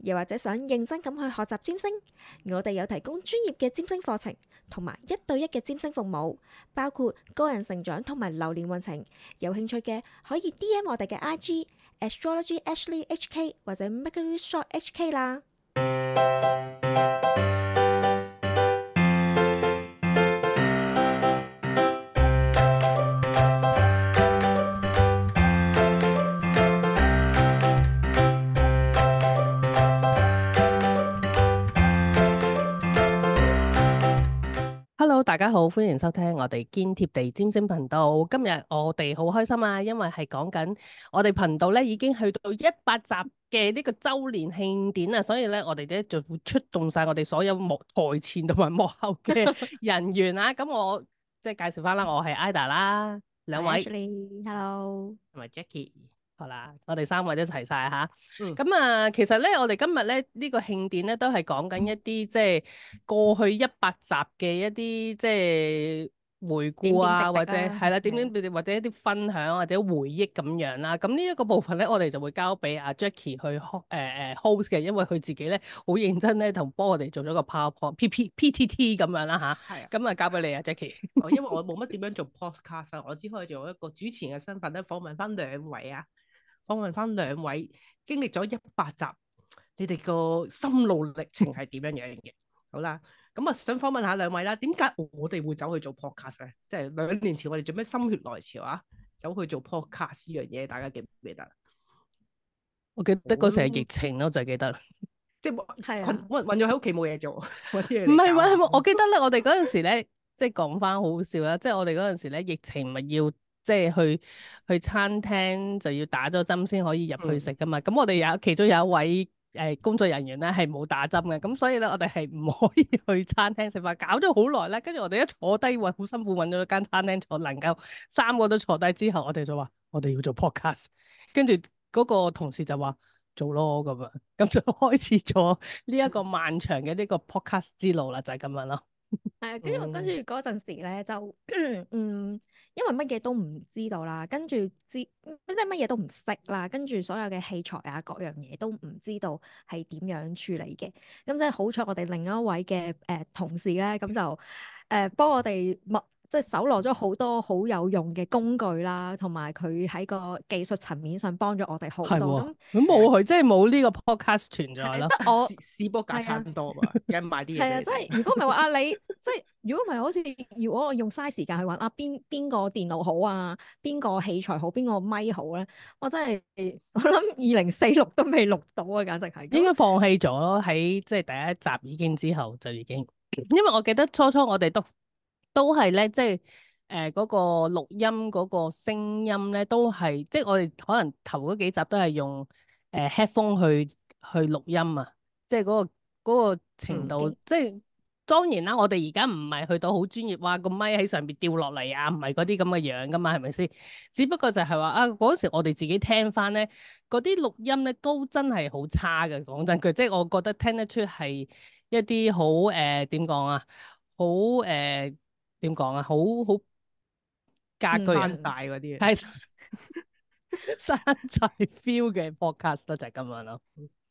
又或者想認真咁去學習占星，我哋有提供專業嘅占星課程，同埋一對一嘅占星服務，包括個人成長同埋流年運程。有興趣嘅可以 DM 我哋嘅 IG Astrology Ashley HK 或者 Mercury Shop HK 啦。hello，大家好，歡迎收聽我哋堅貼地占星頻道。今日我哋好開心啊，因為係講緊我哋頻道咧已經去到一百集嘅呢個周年慶典啊，所以咧我哋咧就會出動晒我哋所有幕台前同埋幕後嘅人員啊。咁 我即係介紹翻，啦，我係 Ida 啦，兩位 Hi, Ashley .，hello，同埋 Jackie。好啦，我哋三位一齊晒吓。咁啊、嗯嗯，其實咧，我哋今日咧呢、這個慶典咧，都係講緊一啲即係過去一百集嘅一啲即係回顧啊，或者係啦，點點點或者一啲分享或者回憶咁樣啦、啊。咁呢一個部分咧，我哋就會交俾阿 Jackie 去誒誒、呃、host 嘅，因為佢自己咧好認真咧，同幫我哋做咗個 PowerPoint P P T T 咁樣啦吓。係啊。咁啊，的嗯、交俾你啊，Jackie 的、 哦。因為我冇乜點樣做 podcast 我只可以做一個主持人嘅身份咧，訪問翻兩位啊。訪問翻兩位，經歷咗一百集，你哋個心路歷程係點樣樣嘅？好啦，咁啊想訪問下兩位啦。點解我哋會走去做 podcast 咧？即係兩年前我哋做咩心血來潮啊？走去做 podcast 呢樣嘢，大家記唔記得？我記得嗰時係疫情咯，就係記得，即係搵搵咗喺屋企冇嘢做，搵啲嘢。唔係搵，我記得咧，我哋嗰陣時咧，即係講翻好笑啦。即係我哋嗰陣時咧，疫情咪要。即係去去餐廳就要打咗針先可以入去食㗎嘛，咁、嗯、我哋有其中有一位誒、呃、工作人員咧係冇打針嘅，咁所以咧我哋係唔可以去餐廳食飯。搞咗好耐咧，跟住我哋一坐低好辛苦搵咗間餐廳坐，能夠三個都坐低之後，我哋就話我哋要做 podcast，跟住嗰個同事就話做咯咁樣，咁就開始咗呢一個漫長嘅呢個 podcast 之路啦，就係、是、咁樣咯。係，跟住跟住嗰陣時咧，就 嗯， 嗯，因為乜嘢都唔知道啦，跟住知即係乜嘢都唔識啦，跟住所有嘅器材啊，各樣嘢都唔知道係點樣處理嘅，咁即係好彩我哋另一位嘅誒、呃、同事咧，咁就誒幫、呃、我哋物。即係搜羅咗好多好有用嘅工具啦，同埋佢喺個技術層面上幫咗我哋好多。咁冇佢， 即係冇呢個 podcast 存在咯。得 我試波價差，差唔多嘛，而家賣啲嘢。係 啊，即係如果唔係話啊你，即係如果唔係好似，如果我用嘥時間去揾啊邊邊個電腦好啊，邊個器材好，邊個咪好咧，我真係我諗二零四六都未錄到啊，簡直係、嗰個。應該放棄咗喺即係第一集已經之後就已經，因為我記得初初，初我哋都。都係咧，即係誒嗰個錄音嗰個聲音咧，都係即係我哋可能頭嗰幾集都係用誒 headphone、呃、去去錄音啊，即係、嗰個嗰個程度，嗯、即係當然啦，我哋而家唔係去到好專業，哇個咪喺上邊掉落嚟啊，唔係嗰啲咁嘅樣噶嘛，係咪先？只不過就係話啊，嗰時我哋自己聽翻咧，嗰啲錄音咧都真係好差嘅，講真句，即係我覺得聽得出係一啲好誒點講啊，好誒。呃點講啊，好好隔居啊，嗯、 山寨嗰啲係山寨 feel 嘅 podcast 咯，就係咁樣咯。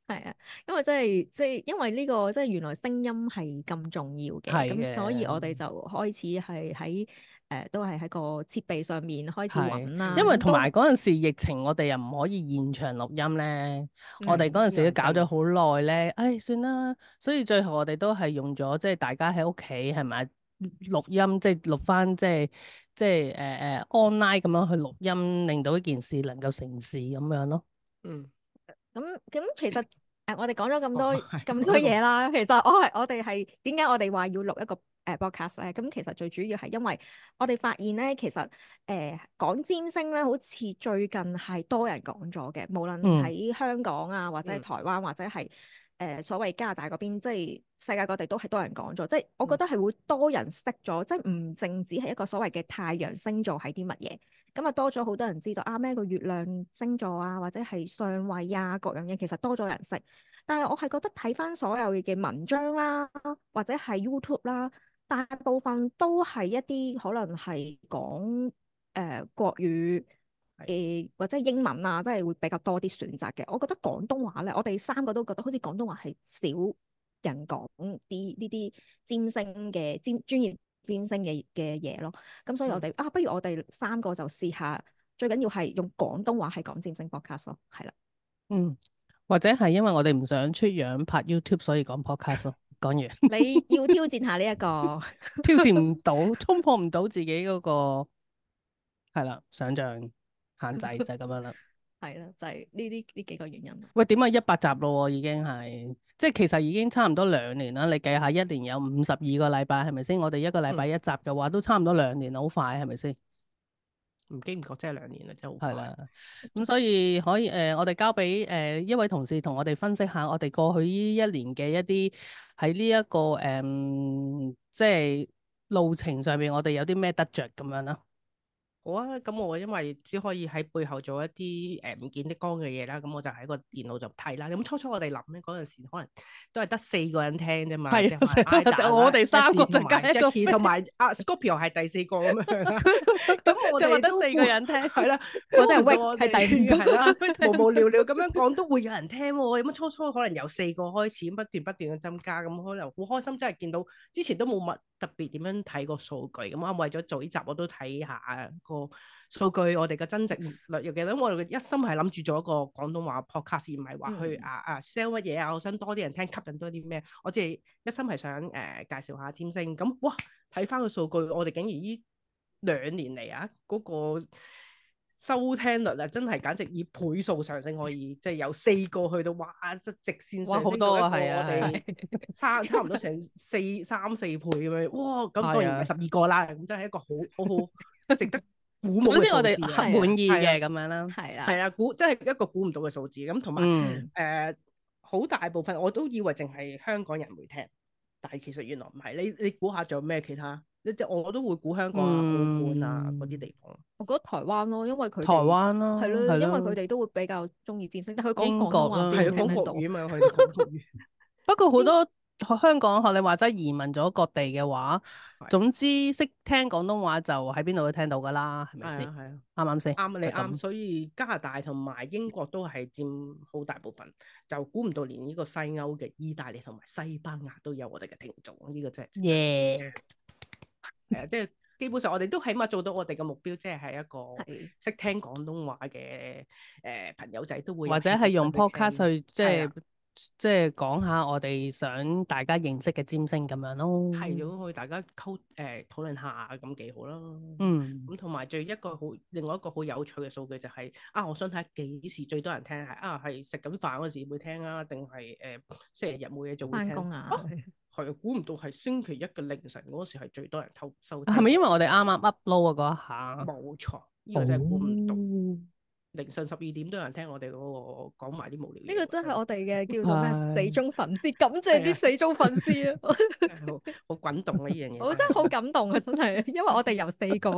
係啊，因為即係即係，因為呢、這個即係原來聲音係咁重要嘅，咁的所以我哋就開始係喺誒都係喺個設備上面開始揾啦。因為同埋嗰陣時疫情，我哋又唔可以現場錄音咧，嗯、我哋嗰陣時都搞咗好耐咧。嗯、哎，算啦，所以最後我哋都係用咗即係大家喺屋企係咪？錄音即係錄翻，即係即係誒誒 online 咁樣去錄音，令到一件事能夠成事咁樣咯。嗯，咁咁其實誒、呃、我哋講咗咁多咁完多嘢啦，其實我係我哋係點解我哋話要錄一個誒 podcast 咧？咁、呃啊、其實最主要係因為我哋發現咧，其實誒講占星咧，好似最近係多人講咗嘅，無論喺香港啊，或者台灣、嗯、或者係、嗯。誒、呃、所謂加拿大嗰邊，即係世界各地都係多人講咗，即係我覺得係會多人識咗，嗯、即係唔淨止係一個所謂嘅太陽星座係啲乜嘢，咁啊多咗好多人知道啊咩個月亮星座啊，或者係上位啊各樣嘢，其實多咗人識，但係我係覺得睇返所有嘅文章啦，或者係 YouTube 啦，大部分都係一啲可能係講誒國語。誒、呃，或者英文啊，即係會比較多啲選擇嘅。我覺得廣東話咧，我哋三個都覺得，好似廣東話係少人講啲呢啲占星嘅占專業占星嘅嘅嘢咯。咁所以我哋、嗯、啊，不如我哋三個就試下，最緊要係用廣東話嚟講占星 podcast 咯，係啦。嗯，或者係因為我哋唔想出樣拍 YouTube，所以講 podcast 咯。講完，你要挑戰下呢一個，挑戰唔到，衝破唔到自己嗰個，係啦，想象。限制就咁樣啦，係啦， 就係呢啲呢幾個原因。喂，點解一百集咯、啊，已經係，即係其實已經差唔多兩年啦。你計下，一年有五十二個禮拜，係咪先？我哋一個禮拜一集嘅話，都差唔多兩年好快，係咪先？唔經唔覺，即係兩年啦，真係好快。咁、嗯、所以可以誒、呃，我哋交俾誒、呃、一位同事同我哋分析下，我哋過去呢一年嘅一啲喺呢一個誒、嗯，即係路程上面，我哋有啲咩得着咁樣啦。好啊，咁我因為只可以喺背後做一啲誒唔見得光嘅嘢啦，咁我就喺個電腦度睇啦。咁初初我哋諗咧，嗰陣時可能都係得四個人聽啫嘛，就我哋三個，就加一個，同埋啊 Scorpio 係第四個咁樣啦。咁我哋得四個人聽，係啦，我真係屈，係第五個。無無聊聊咁樣講都會有人聽喎，咁初初可能由四個開始不斷不斷嘅增加，咁可能好開心，真係見到之前都冇乜特別點樣睇個數據，咁我、嗯、為咗做呢集，我都睇下個數據，我哋嘅增值率又幾多？因為我一心係諗住做一個廣東話 podcast，唔係話去啊、嗯、啊 sell 乜嘢啊！我想多啲人聽，吸引多啲咩？我只係一心係想誒、呃、介紹下占星。咁、嗯、哇，睇翻個數據，我哋竟然呢兩年嚟啊嗰、那個～收聽率啊，真係簡直以倍數上升，可以即係、就是、由四個去到哇，直直線上升到一個我哋、啊啊啊啊、差差唔多成四 三,三四倍咁樣，哇！咁當然十二個啦，咁、啊、真係一個好好好值得估嘅數字，總之我哋滿意嘅咁樣啦，係啊，係啦，估真係一個估唔到嘅數字咁，同埋誒好大部分我都以為淨係香港人會聽，但係其實原來唔係，你你估下仲有咩其，其他？即我都會估香港澳門啊嗰啲地方。我覺得台灣咯，因為佢台灣咯，係咯，因為佢哋都會比較中意佔星，但佢講廣東話，我哋聽得到。英國啦，係講國語嘛，我係講國語。不過好多香港學你話齋移民咗各地嘅話，總之識聽廣東話就喺邊度都聽到㗎啦，係咪先？係啊，啱啱先？啱你啱。所以加拿大同埋英國都係佔好大部分，就估唔到連呢個西歐嘅意大利同埋西班牙都有我哋嘅聽眾，呢個真係。誒、 呃，即係基本上，我哋都起碼做到我哋嘅目標，即係係一個識聽廣東話嘅誒、呃、朋友仔都會，或者係用 podcast 去 即係即係講下我哋想大家認識嘅占星咁樣咯。係，咁可以大家溝誒討論下，咁幾好啦。嗯。咁同埋最一個好，另外一個好有趣嘅數據就係、是、啊，我想睇下幾時最多人聽係啊，係食緊飯嗰時會聽啊，定係誒星期日冇嘢做翻工啊。啊 係啊，估唔到係星期一嘅凌晨嗰時係最多人偷收。係咪因為我哋啱啱 upload 啊嗰下？冇錯，呢個真係估唔到。凌晨十二點都有人聽我哋嗰個講埋啲無聊嘢。呢個真係我哋嘅叫做咩死忠粉絲，感謝啲死忠粉絲啊！好滾動啊呢樣嘢！我真係好感動啊，真係，因為我哋有四個，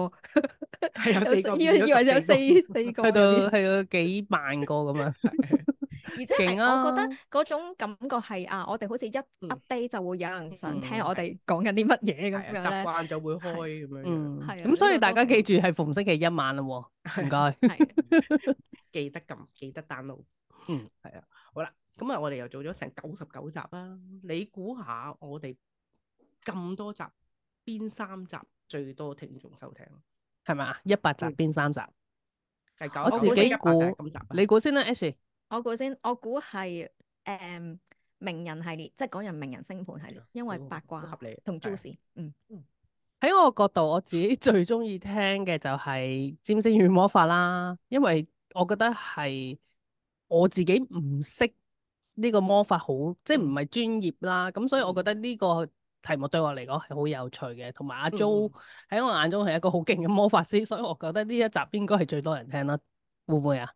係有四個，以為以為有四四個，去到去到幾萬個咁樣。而即係我覺得嗰種感覺係啊，我哋好似一 update 就會有人想聽我哋講緊啲乜嘢咁樣咧，習慣就會開咁樣。嗯，係。咁所以大家記住係逢星期一晚啦喎，唔該。係記得撳，記得 download。嗯，係啊。好啦，咁啊，我哋又做咗成九十九集啦。你估下我哋咁多集邊三集最多聽眾收聽？係咪？一百集邊三集？係九。我自己估，你估先啦 Ash。我估先，我估係誒名人系列，即係講人名人星盤系列，嗯、因為八卦合理同 juice。嗯嗯，喺我角度，我自己最中意聽嘅就係、是《占星與魔法》啦，因為我覺得係我自己唔識呢個魔法好，好即係唔係專業啦。咁所以我覺得呢個題目對我嚟講係好有趣嘅，同埋阿 Jo 喺我眼中係一個好勁嘅魔法師，所以我覺得呢一集應該係最多人聽啦，會唔會啊？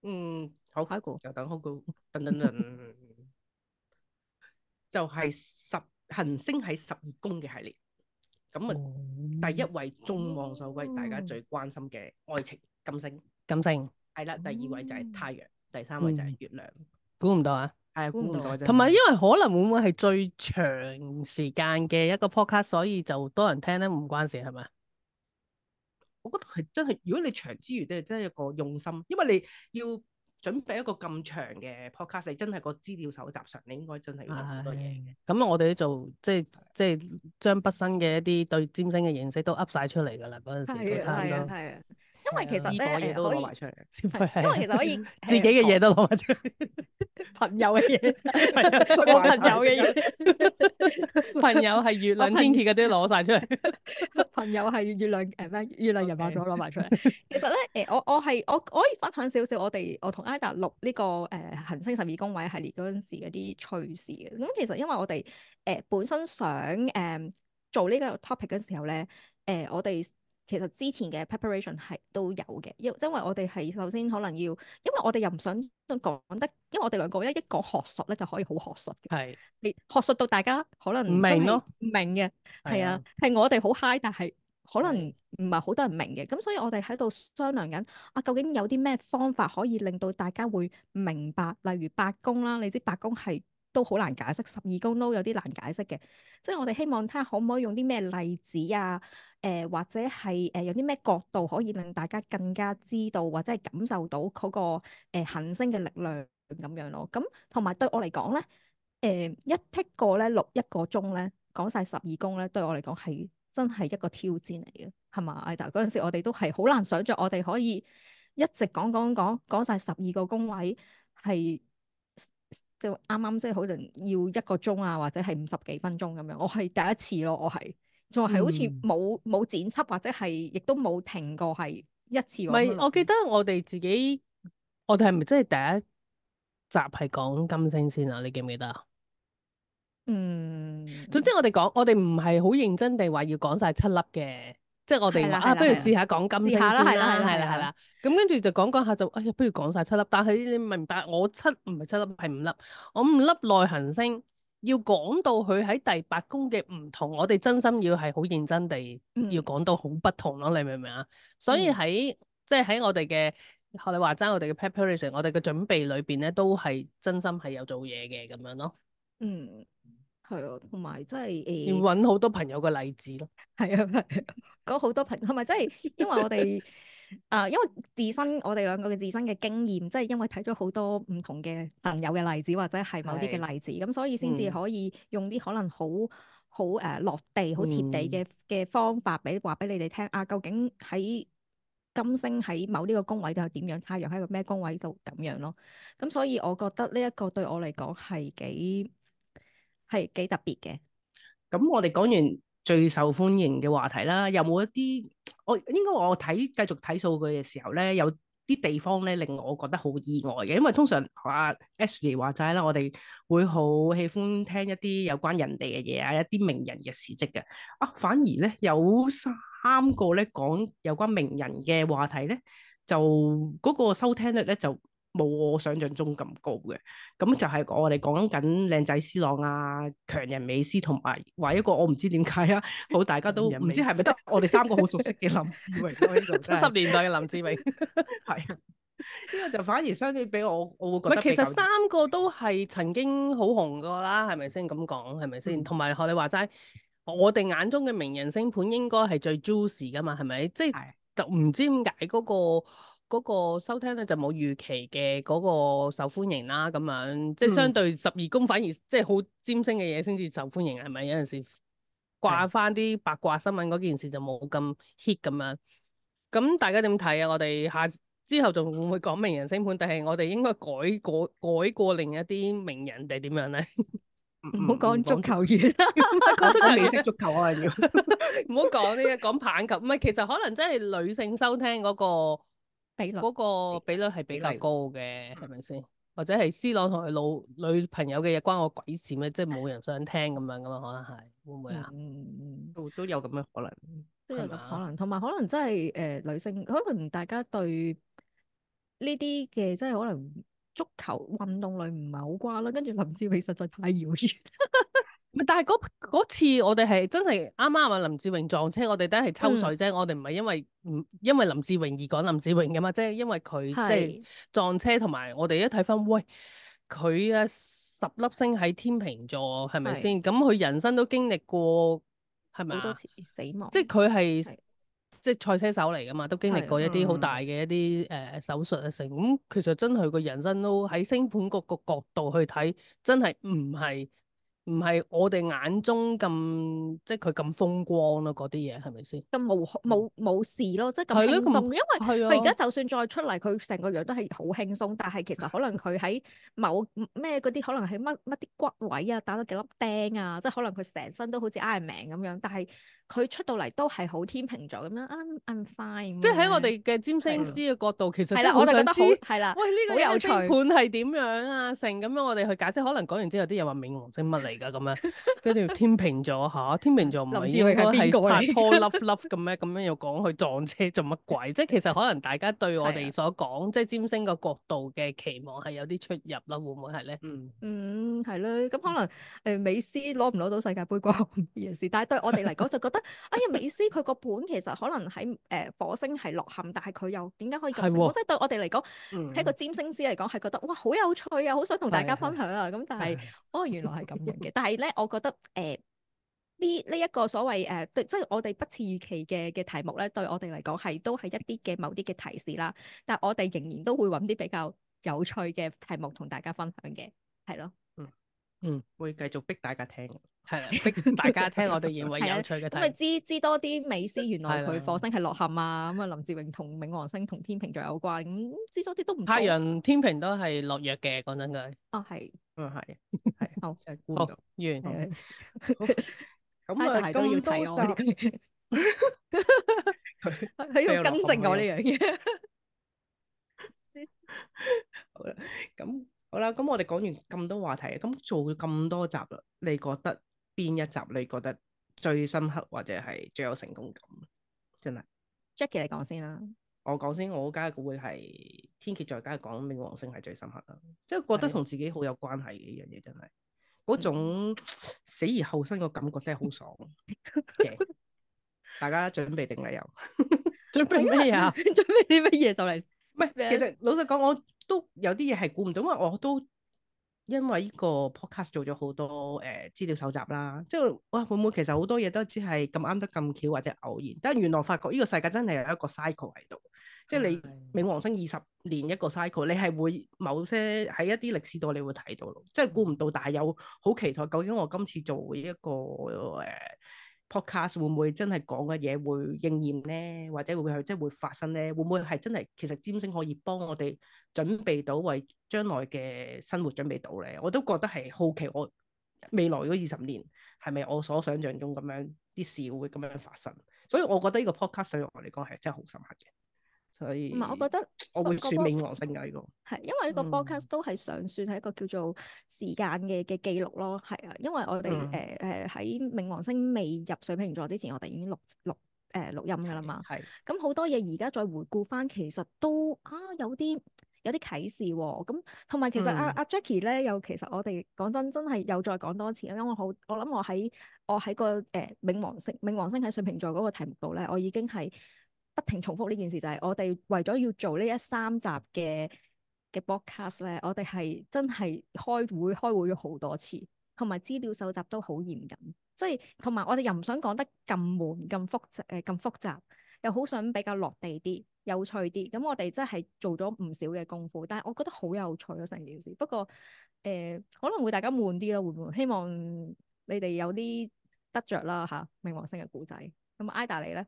嗯。九塊股就等好高，噔噔噔，就係十行星喺十二宮嘅系列。咁啊，第一位眾望所歸，大家最關心嘅愛情金星，金星係啦。第二位就係太陽，第三位就係月亮。估唔到啊！係啊，估唔到。同埋，因為可能會唔會係最長時間嘅一個 podcast，所以就多人聽咧，唔關事，係咪啊？我覺得係真係，如果你長之餘咧，真係一個用心，因為你要。準備一個咁長嘅 podcast，你真係個資料搜集上，你應該真係要做好多嘢嘅。咁、哎、呀我哋都做，即係的即係將畢生嘅一啲對占星嘅認識都 up 晒出嚟㗎啦，嗰陣時差唔多。的 因為其實咧，我哋都攞埋出嚟。因為其實可以自己嘅嘢都攞埋出嚟，朋友嘅嘢，我朋友嘅嘢，朋友係月亮天蠍嗰啲攞晒出嚟。朋友係月亮誒咩？月亮人化咗，攞埋出嚟。其實咧誒，我我係我可以分享少少我哋我同 Ida 錄呢個誒行星十二宮位系列嗰陣時嗰啲趣事嘅。咁其實因為我哋誒本身想誒做呢個 topic 嘅時候咧，誒我哋。其實之前嘅 preparation 係都有嘅，因因為我哋係首先可能要，因為我哋又唔想講得，因為我哋兩個咧一講學術咧就可以好學術嘅，係你是學術到大家可能唔明咯、哦，明嘅，係啊，係我哋好 high，但係可能唔係好多人明嘅，咁是所以我哋喺度商量緊，啊究竟有啲咩方法可以令到大家會明白，例如白宮啦，你知白宮係。都好難解釋，十二宮都有啲難解釋嘅，即係我哋希望睇下可唔可以用啲咩例子啊？誒、呃、或者係誒有啲咩角度可以令大家更加知道或者係感受到嗰、那個誒、呃、行星嘅力量咁樣咯。咁同埋對我嚟講咧，誒、呃、一剔 i 過咧錄一個鐘咧，講晒十二宮咧，對我嚟講係真係一個挑戰嚟嘅，係嘛？Ada 嗰時我哋都係好難想像我哋可以一直講講講講晒十二個宮位係。就啱啱即係可能要一個鐘啊，或者係五十幾分鐘咁樣，我係第一次咯，我係仲係好似冇冇剪輯或者係亦都冇停過係一次。唔係，嗯，我記得我哋自己，我哋係咪即係第一集係講金星先啊？你記唔記得啊？嗯，總之我哋講，我哋唔係好認真地話要講晒七粒嘅。即係我哋的啊，的不如試下講金星啦。試啦，係啦，係啦，係啦。咁跟住就講講下就，哎呀，不如講晒七粒。但係你明白，我七唔係七粒，係五粒。我五粒內行星要講到佢喺第八宮嘅唔同，我哋真心要係好認真地要講到好不同咯。嗯、你明唔明啊？所以喺、嗯、即係喺我哋嘅學你話齋，我哋嘅 preparation，我哋嘅準備裏邊咧，都係真心係有做嘢嘅咁樣咯。嗯。係啊，同埋即係誒，欸、要搵好多朋友嘅例子咯。係啊，係、啊。好、啊、多朋友，係咪即係？因為我哋 啊，因為自身我哋兩個嘅自身嘅經驗，即、就、係、是、因為睇咗好多唔同嘅朋友嘅例子，或者係某啲嘅例子，咁是所以先至可以用啲可能好好誒落地、好貼地嘅嘅方法，俾話俾你哋聽、嗯、啊。究竟喺金星喺某呢個宮位度點樣？太陽喺個咩宮位度咁樣咯？咁所以我覺得呢一個對我嚟講係幾。係幾特別嘅，咁我哋講完最受歡迎嘅話題啦，有冇一啲？我應該我睇繼續睇數據嘅時候咧，有啲地方咧令我覺得好意外嘅，因為通常阿 Ashley 話齋啦，我哋會好喜歡聽一啲有關人哋嘅嘢啊，一啲名人嘅事跡嘅，啊反而咧有三個咧講有關名人嘅話題咧，就嗰個收聽率咧就。冇我想象中咁高嘅，咁就係我哋講緊靚仔思朗啊，強人美斯同埋話一個我唔知點解啊，好大家都唔知係咪得我哋三個好熟悉嘅林志穎，七十 年代嘅林志穎，係，呢個就反而相對比我我會覺得其實三個都係曾經好紅過啦，係咪先咁講？係咪先？同埋學你話齋，我哋眼中嘅名人星盤應該係最 juicy 噶嘛？係咪？即係就唔、是、知點解嗰個。嗰個收聽咧就冇預期嘅嗰個受歡迎啦，咁樣即係相對十二宮反而即係好尖星嘅嘢先至受歡迎，係咪有陣時掛翻啲八卦新聞嗰件事就冇咁 hit 咁樣？咁大家點睇啊？我哋下之後仲會唔會講名人星盤，定係我哋應該改改改過另一啲名人定點樣咧？唔好講足球員啦，講得、 這個美式足球我係要，唔好講呢個講棒球，唔係其實可能真係女性收聽嗰、嗰個。嗰個比率係比較高嘅，係咪先？吧嗯、或者係 C 朗同佢老女朋友嘅嘢關我鬼事咩？即係冇人想聽咁樣噶嘛？可能係會唔會啊？嗯嗯都都有咁嘅可能，都有咁可能。同埋吧可能真係誒、呃、女性，可能大家對呢啲嘅即係可能足球運動類唔係好關啦。跟住林志偉實在太遙遠。 但係嗰次我哋係真係啱啱話林志穎撞車，我哋都係抽水啫。嗯、我哋唔係因為唔因為林志穎而講林志穎噶嘛，即係因為佢是即係撞車同埋我哋一睇翻，喂佢啊十粒星喺天秤座係咪先？咁佢是人生都經歷過係咪？好多次死亡，即係佢係即係賽車手嚟噶嘛，都經歷過一啲好大嘅一啲誒、呃、手術啊成咁。嗯嗯、其實真係佢個人生都喺星盤嗰個角度去睇，真係唔係。唔係我哋眼中咁，即係佢咁風光咯、啊，嗰啲嘢係咪先？咁冇冇冇事咯，即係咁輕鬆。因為佢而家就算再出嚟，佢成個樣都係好輕鬆。但係其實可能佢喺某咩嗰啲，可能係乜乜啲骨位啊，打咗幾粒釘啊，即係可能佢成身都好似捱命咁樣。但係，佢出到嚟都係好天秤座咁樣，I'm I'm fine。即係喺我哋嘅占星師嘅角度，其實係啦，我哋覺得好係啦。喂，呢個裁判係點樣啊？成咁樣我哋去解釋，可能講完之後啲人話冥王星乜嚟㗎咁樣，跟住天秤座吓，天秤座唔係應該係拍拖 love love 咁咩？咁樣又講佢撞車做乜鬼？即係其實可能大家對我哋所講即係占星個角度嘅期望係有啲出入啦，會唔會係咧？嗯，嗯係啦，咁可能誒美斯攞唔攞到世界盃冠軍嘅事，但係對我哋嚟講就覺得。 哎呀，美斯佢個本其實可能喺誒、呃、火星係落陷，但係佢又點解可以咁？即係的對我哋嚟講，喺、嗯、個占星師嚟講，係覺得哇好有趣啊，好想同大家分享啊！咁但係，哦原來係咁樣嘅。 但係咧，我覺得誒呢呢一個所謂誒，即、呃、係、就是、我哋不似預期嘅嘅題目咧，對我哋嚟講係都係一啲嘅某啲嘅提示啦。但係我哋仍然都會揾啲比較有趣嘅題目同大家分享嘅，係咯。嗯，會繼續逼大家聽，係啦，逼大家聽我哋認為有趣嘅，咁你知知多啲美斯，原來佢火星係落陷啊，咁啊林志穎同冥王星同天秤座有關，咁知多啲都唔太陽天平都係落弱嘅，講真句，哦係，咁啊係，係好就係完，咁啊咁多就喺度更正我呢樣嘢，好啦，咁。好啦，咁、嗯、我哋講完咁多話題，咁、嗯、做咗咁多集啦，你覺得邊一集你覺得最深刻或者係最有成功感？真係 Jackie，你講先啦。我講先，我梗係會係《天蠍座》，梗係講《冥王星》係最深刻啦，即、就、係、是、覺得同自己好有關係嘅一樣嘢，真係嗰種死而後生個感覺真係好爽。 yeah. 大家準備定啦，又 準備咩啊？ 準備啲乜嘢就嚟？唔係，其實 老實講我。都有啲嘢係估唔到，因為我都因為呢個 podcast 做咗好多誒、呃、資料搜集啦，即係哇會唔會其實好多嘢都只係咁啱得咁巧或者偶然，但係原來發覺呢個世界真係有一個 cycle 喺度，即係你冥王星二十年一個 cycle，你係會某些喺一啲歷史度你會睇到咯，即係估唔到，但係有好期待，究竟我今次做一個誒、呃、podcast 會唔會真係講嘅嘢會應驗咧，或者會唔會係即係會發生咧？會唔會係真係其實占星可以幫我哋？準備到為將來嘅生活準備到咧，我都覺得係好奇。我未來嗰二十年係咪我所想象中咁樣啲事會咁樣發生？所以我覺得呢個 podcast 對我嚟講係真係好深刻嘅。所以唔係，我覺得我會選冥王星噶呢、那個係，因為呢個 podcast、嗯、都係上算係一個叫做時間嘅嘅記錄咯。係啊，因為我哋誒誒喺冥王星未入水瓶座之前，我哋已經錄錄誒錄音噶啦嘛。係咁好多嘢而家再回顧翻，其實都啊有啲。有啲啟示喎、哦，咁同埋其實阿、啊、阿、嗯啊、Jackie 咧，又其實我哋講真真係又再講多次，因為我好，我諗我喺我喺個誒、呃、冥王星冥王星喺水瓶座嗰個題目度咧，我已經係不停重複呢件事，就係、是、我哋為咗要做呢一三集嘅嘅 broadcast 咧，我哋係真係開會開會咗好多次，同埋資料搜集都好嚴謹，即係同埋我哋又唔想講得咁悶咁複誒咁、呃、複雜，又好想比較落地啲。有趣啲咁，我哋真係做咗唔少嘅功夫，但係我覺得好有趣咯成件事。不過誒、呃，可能會大家悶啲咯，會唔會？希望你哋有啲得着啦嚇。冥王星嘅故仔咁，Ada 你咧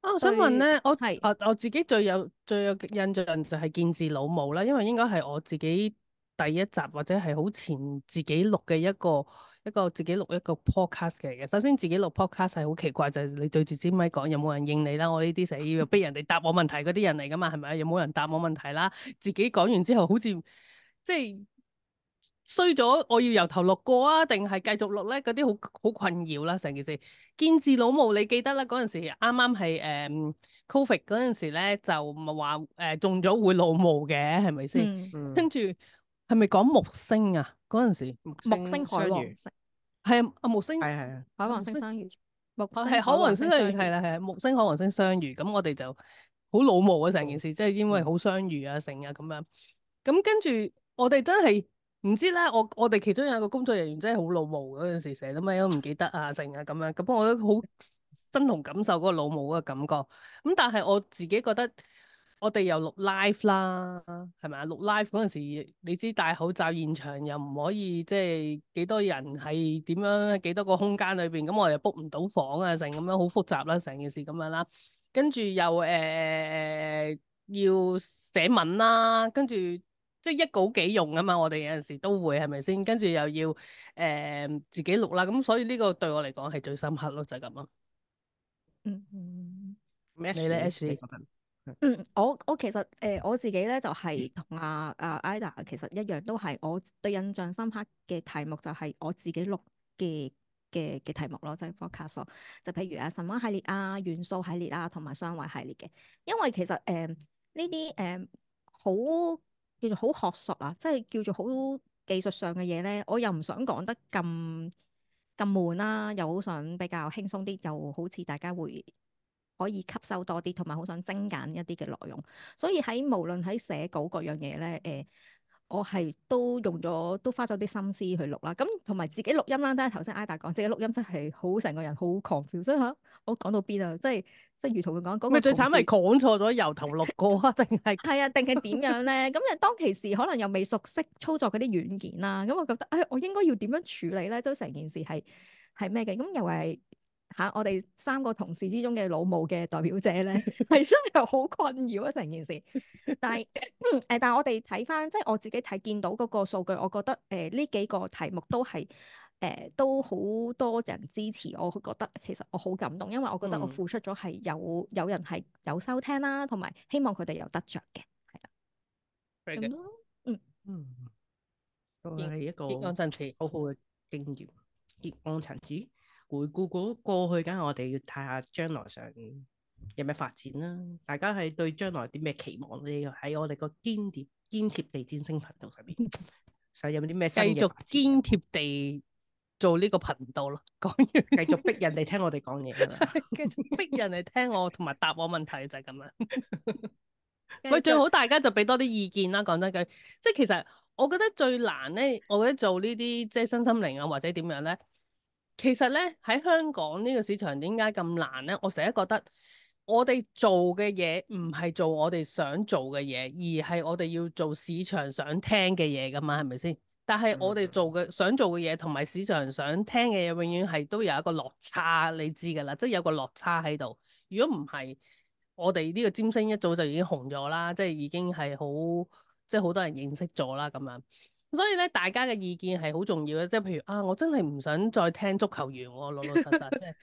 啊，我、哦、以想問咧，哦、我係啊是，我自己最有最有印象就係見字老母啦，因為應該係我自己第一集或者係好前自己錄嘅一個。一個自己錄一個 podcast 嘅，首先自己錄 podcast 係好奇怪，就係、是、你對住支咪講，有冇人應你啦？我呢啲成日要逼人哋答我問題嗰啲人嚟㗎嘛，係咪啊？有冇人答我問題啦？自己講完之後，好似即係衰咗，我要由頭錄過啊，定係繼續錄咧？嗰啲好好困擾啦、啊，成件事。見字老毛，你記得啦？嗰陣時啱啱係誒 COVID 嗰陣時咧，就唔係話誒中咗會老毛嘅，係咪先？跟住、嗯。嗯。係咪講木星啊？嗰陣時木星海王星係啊，阿木星係係啊，海王星相遇，木係海王星相遇係啦係啊，木星海王星相遇，咁我哋就好老毛啊成件事，即係因為好相遇啊成啊咁樣。咁跟住我哋真係唔知咧，我我哋其中有一個工作人員真係好老毛嗰陣時，成日都咩都唔記得啊成啊咁樣。咁我都好身同感受嗰個老毛嗰個感覺。咁但係我自己覺得。我哋又錄 live 啦，係咪啊？錄 live 嗰陣時，你知戴口罩現場又唔可以，即係幾多人係點樣？幾多個空間裏邊咁，我又 book 唔到房啊，成咁樣好複雜啦，成件事咁樣啦。跟住又誒誒要寫文啦，跟住即係一稿幾用啊嘛。我哋有陣時都會係咪先？跟住又要誒自己錄啦。咁所以呢個對我嚟講係最深刻咯，就係咁咯。嗯嗯。你咧，H C？嗯，我我其實誒、呃、我自己咧就係、是、同阿、啊、阿、啊、Ida 其實一樣都係，我對印象深刻嘅題目就係、是、我自己錄嘅嘅嘅題目咯，即係 podcast 咯，就譬、是、如啊神話系列啊元素系列啊同埋雙位系列嘅，因為其實誒呢啲誒好叫做好學術啊，即係叫做好技術上嘅嘢咧，我又唔想講得咁咁悶啦，又好想比較輕鬆啲，又好似大家會，可以吸收多啲，同埋好想精簡一啲嘅內容，所以喺無論喺寫稿各樣嘢咧，誒、呃，我係都用咗，都花咗啲心思去錄啦。咁同埋自己錄音啦，即係頭先 Ada 講，自己錄音真係好成個人好 confused 吓、啊。我講到邊、那個、 啊？即係即係，如同佢講，嗰個最慘係講錯咗由頭錄過啊，定係係啊，定係點樣咧？咁又當其時可能又未熟悉操作嗰啲軟件啦，咁我覺得，哎，我應該要點樣處理咧？都成件事係係咩嘅？咁又係。吓！我哋三個同事之中嘅老母嘅代表者咧，係 真係好困擾啊成件事。但係誒、 嗯，但係我哋睇翻，即係我自己睇見到嗰個數據，我覺得誒呢、呃、幾個題目都係誒、呃、都好多人支持。我覺得其實我好感動，因為我覺得我付出咗係有、嗯、有人係有收聽啦、啊，同埋希望佢哋有得着嘅，係啦 Very good.。嗯嗯，都係一個結案層次，好好嘅經驗。結案層次。回顧過過去，梗係我哋要睇下將來上有咩發展啦。大家係對將來有啲咩期望呢、啊？喺我哋個堅點堅貼地占星頻道上邊，上有啲咩？繼續堅貼地做呢個頻道咯。講完，繼續逼人哋聽我哋講嘢，繼 續逼人哋聽我同埋答我問題就係咁樣。喂 續，最好大家就俾多啲意見啦。講真句，即係其實我覺得最難咧，我覺得做呢啲即係身心靈啊，或者點樣咧？其實咧，喺香港呢個市場點解咁難咧？我成日覺得我哋做嘅嘢唔係做我哋想做嘅嘢，而係我哋要做市場想聽嘅嘢噶嘛？係咪先？但係我哋做嘅想做嘅嘢，同埋市場想聽嘅嘢，永遠係都有一個落差，你知噶啦，即係有個落差喺度。如果唔係，我哋呢個占星一早就已經紅咗啦，即係已經係好，即係好多人認識咗啦咁樣。所以咧，大家嘅意見係好重要嘅。即係譬如啊，我真係唔想再聽足球員，我老老實實。 即係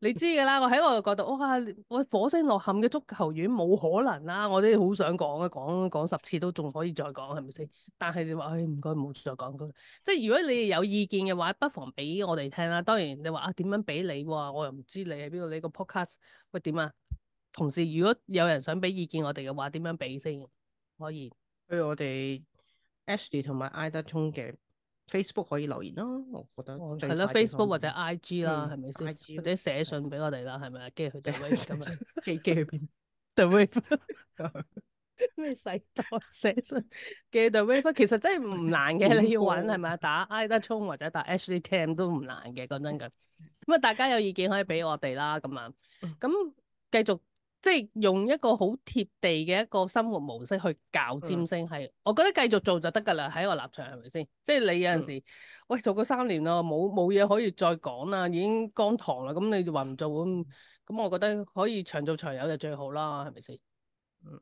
你知㗎啦，我喺我角度覺得，哇！我火星落陷嘅足球員冇可能啦、啊。我啲好想講啊，講講,講十次都仲可以再講，係咪先？但係、哎、你話唉，唔該，冇再講。即係如果你有意見嘅話，不妨俾我哋聽啦。當然你，你話啊，點樣俾你喎？我又唔知你喺邊度，你個 podcast 喂點啊？同時，如果有人想俾意見我哋嘅話，點樣俾先？可以。譬如我哋。Ashley 同埋 Ida Chong 嘅 Facebook 可以留言啦、啊，我覺得係咯，Facebook 或者 IG 啦，係咪先？或者寫信俾我哋啦，係咪啊？跟住佢哋咁樣，寄寄去邊？The wave 咩世代寫信？Get the wave，其實真係唔難嘅，你要揾，係咪啊？打 Ida Chong 或者打 Ashley Tam 都唔難嘅，講真句。咁啊，大家有意見可以俾我哋啦，咁啊，咁繼續。即係用一個好貼地嘅一個生活模式去教占星，係、嗯、我覺得繼續做就得噶啦喺我立場係咪先？即係你有陣時，嗯、喂做咗三年啦，冇冇嘢可以再講啦，已經乾堂啦，咁你就話唔做咁，咁我覺得可以長做長有就最好啦，係咪先？嗯，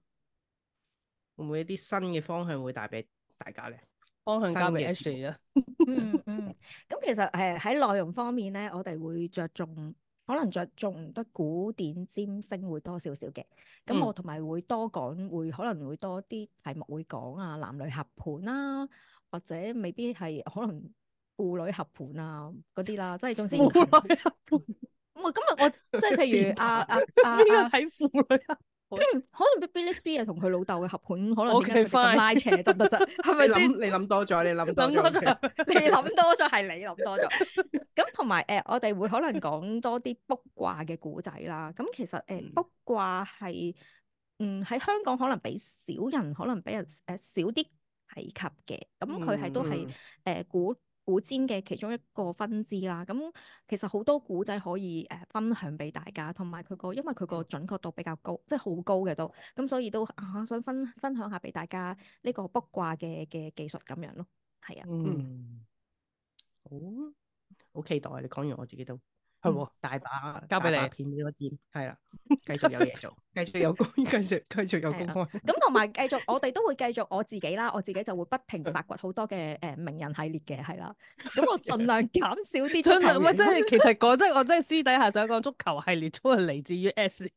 會唔會一啲新嘅方向會帶俾大家咧？方向交俾 H 啦。嗯嗯，咁其實誒喺內容方面咧，我哋會着重，可能着重得古典占星會多少少嘅，咁我同埋會多講，會可能會多啲題目會講啊，男女合盤啦、啊，或者未必係可能婦女合盤啊嗰啲啦，即係總之。婦女合盤。我今日我即係譬如阿阿阿，邊個睇婦女啊？好可能 B i l B B B 啊，同佢老豆嘅合盤，可能拉扯得唔得啫？係咪諗你諗多咗？你諗多咗？你諗多咗係 okay. 你諗多咗。咁同埋誒，我哋會可能講多啲卜卦嘅古仔啦。咁其實誒卜卦係嗯喺、嗯、香港可能比少人，可能比人誒、呃、少啲提及嘅。咁佢係都係誒、呃、古。古占嘅其中一個分支啦，咁其實好多古仔可以誒分享俾大家，同埋佢個因為佢個準確度比較高，即係好高嘅都，咁所以都想分分享下俾大家呢個卜卦嘅嘅技術咁樣咯，係啊，嗯，嗯好好期待你講完我自己都。係喎，大把交埋你片俾我剪。係啦，繼續有嘢做，繼續有工，繼續繼續有工開。咁同埋繼續，我哋都會繼續我自己啦，我自己就會不停發掘好多嘅誒名人系列嘅，係啦。咁我盡量減少啲足球。唔，即係其實講真，我真係私底下想講足球系列，都係嚟自於 S。的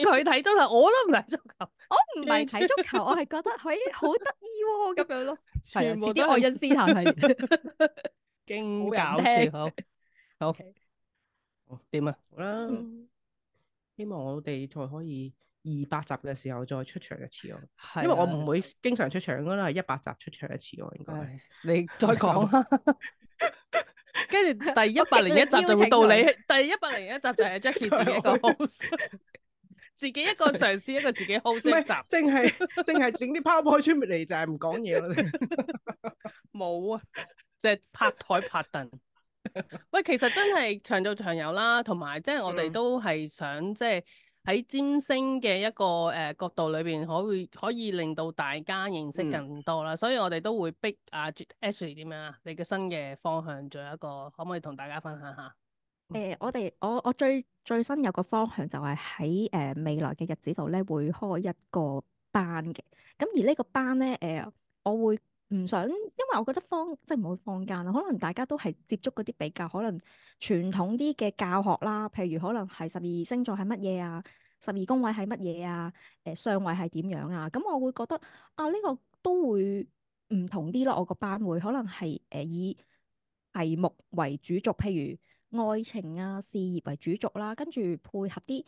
佢睇足球，我都唔睇足球。我唔係睇足球，我係覺得佢好得意喎，咁樣咯。係啊，啲愛因斯坦係勁搞笑，好。點啊，好啦，哦嗯、希望我哋再可以二百集嘅時候再出場一次咯。係、啊，因為我唔會經常出場噶啦，係一百集出場一次我的應該你再講啦，跟住 第一百零一集就會到你。 第一百零一集就係 Jackie 自己一個 host， 自己一個嘗試一個自己 host。嘅一集，淨係淨係整啲 powerpoint 出嚟就係唔講嘢。冇 啊，即係拍台拍凳。 喂，其實真係長做長有啦，同埋即係我哋都係想即係喺占星嘅一個誒、呃、角度裏邊，可會可以令到大家認識更多啦。嗯、所以我哋都會逼，啊，Ashley 點樣啊？你嘅新嘅方向做一個，可唔可以同大家分享下？誒、呃，我哋我我最最新有個方向就係喺誒未來嘅日子度咧，會開一個班嘅。咁而呢個班咧，誒、呃、我會。唔想，因為我覺得放即係唔會放假啊。可能大家都係接觸嗰啲比較可能傳統啲嘅教學啦，譬如可能係十二星座係乜嘢啊，十二宮位係乜嘢啊，誒雙位係點樣啊？咁我會覺得啊，呢個都會唔同啲咯。我個班會可能係誒、呃、以題目為主軸，譬如愛情啊、事業為主軸啦，跟住配合啲。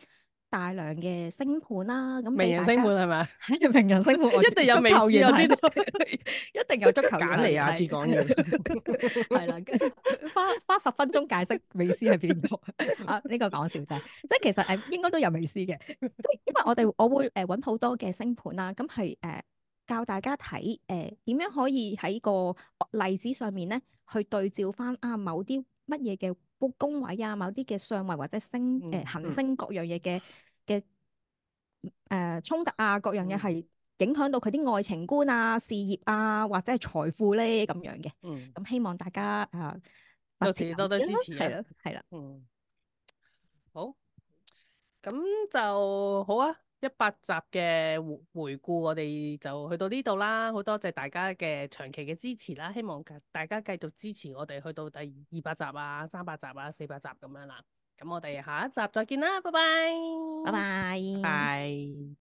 大量嘅星盤啦、啊，咁名人星盤係咪喺名人星盤 一定有美斯，我知道一定有足球員。簡嚟下次講嘅係啦，花花十分鐘解釋美斯係邊個啊？呢、呢個講笑啫， 即係其實誒應該都有美斯嘅， 即係因為我哋我會誒揾好多嘅星盤啦，咁係誒教大家睇誒點樣可以喺個例子上面咧去對照返啊某啲乜嘢嘅。宮位啊，某啲嘅相位或者星誒、呃、行星各樣嘢嘅嘅誒衝突啊，各樣嘢係影響到佢啲愛情觀啊、事業啊或者係財富咧咁樣嘅。嗯，咁希望大家啊，呃、多多多支持係、啊、咯，係、嗯、啦，啦嗯，好，咁就好啊。一百集嘅回回顧，我哋就去到呢度啦。好多謝大家嘅長期嘅支持啦，希望大家繼續支持我哋去到第二百集啊、三百集啊、四百集咁樣啦。咁我哋下一集再見啦，拜拜，拜拜 bye，拜。